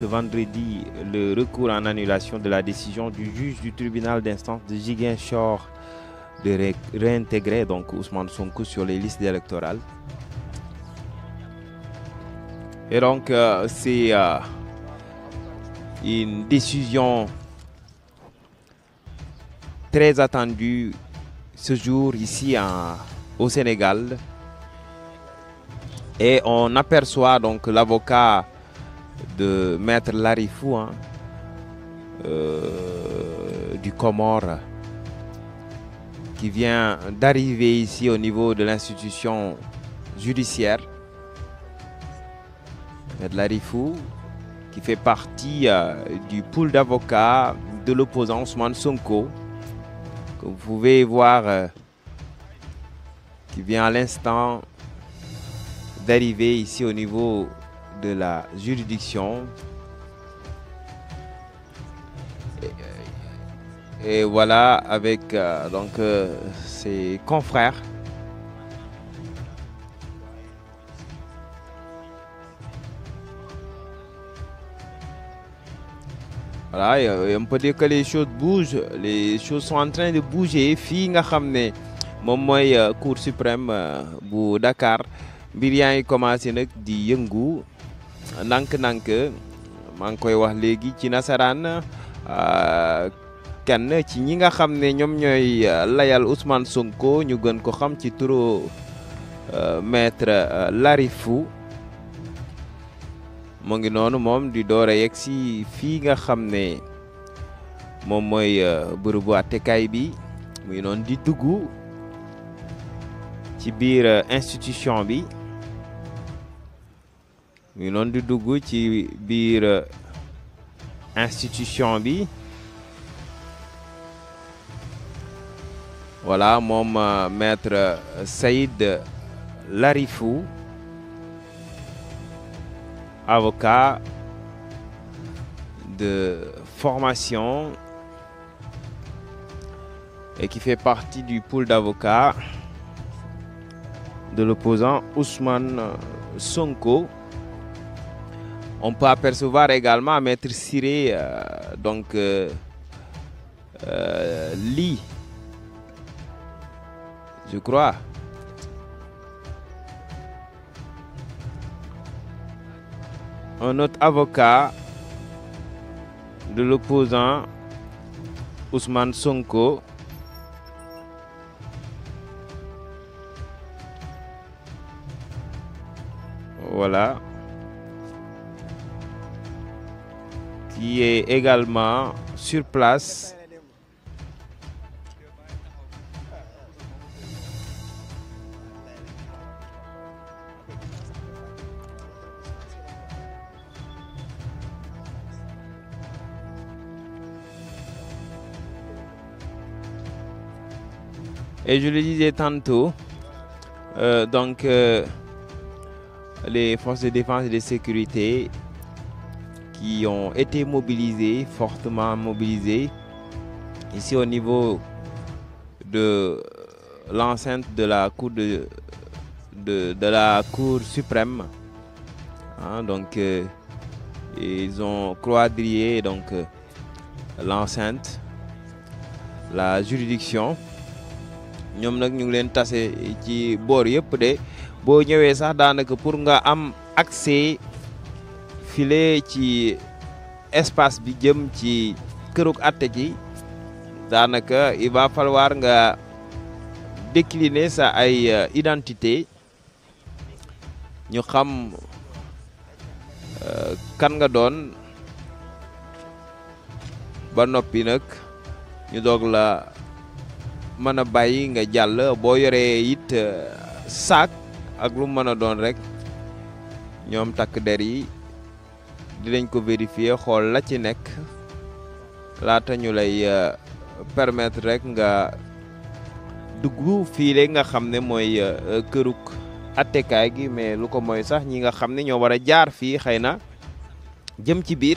Ce vendredi, le recours en annulation de la décision du juge du tribunal d'instance de Giguinchor de réintégrer donc Ousmane Sonko sur les listes électorales. Et donc, euh, c'est euh, une décision très attendue ce jour ici au Sénégal. Et on aperçoit donc l'avocat de Maître Larifou, hein, euh, du Comore, qui vient d'arriver ici au niveau de l'institution judiciaire. Maître Larifou, qui fait partie euh, du pool d'avocats de l'opposant Ousmane Sonko, que vous pouvez voir, euh, qui vient à l'instant d'arriver ici au niveau de la juridiction. Et, voilà avec euh, donc euh, ses confrères. Voilà, euh, on peut dire que les choses bougent, les choses sont en train de bouger. fin à ramener mon moyen Cour suprême bu Dakar Birian et ngi commencé di nank nank maa ngi koy wax léegi ci nasaraan kenn ci ñi nga xam ne layal Ousmane Sonko ñu gën ko xam ci turu maître Larifou mu ngi noonu di door a yegg si fii nga xam ne moom mooy bërëbu bi muy di tugu ci biir ah, institution bi. mu ngi du di ci euh, institution bi voilà mon euh, maître euh, Saïd Larifou avocat de formation et qui fait partie du pool d'avocats de l'opposant Ousmane Sonko. On peut apercevoir également Maître Siré, euh, donc euh, euh je crois. Un autre avocat de l'opposant Ousmane Sonko. Voilà. qui est également sur place. Et je le disais tantôt, euh, donc euh, les forces de défense et de sécurité qui ont été mobilisés, fortement mobilisés, ici au niveau de l'enceinte de la Cour de, de, la Cour suprême. Hein, donc euh, ils ont quadrillé donc euh, l'enceinte, la juridiction. ñom nak ñu leen ci pour nga am accès file ci espace bi jëm ci kërug àtte ji daanaka il va nga décliner sa ay euh, identité ñu xam euh, kan nga doon ba noppi nag ñu doog la mën a bàyyi nga jàll boo yoree it euh, saak ak lu mën a doon rekk ñoom takk der yi dinañ ko vérifier xool la ci nekk laata ñu lay euh, permettre rek nga dugg fii rek nga xam ne mooy euh, këruk attekaay gi mais lu ko mooy sax ñi nga xam ne ñoo war a jaar fii xëy na jëm ci biir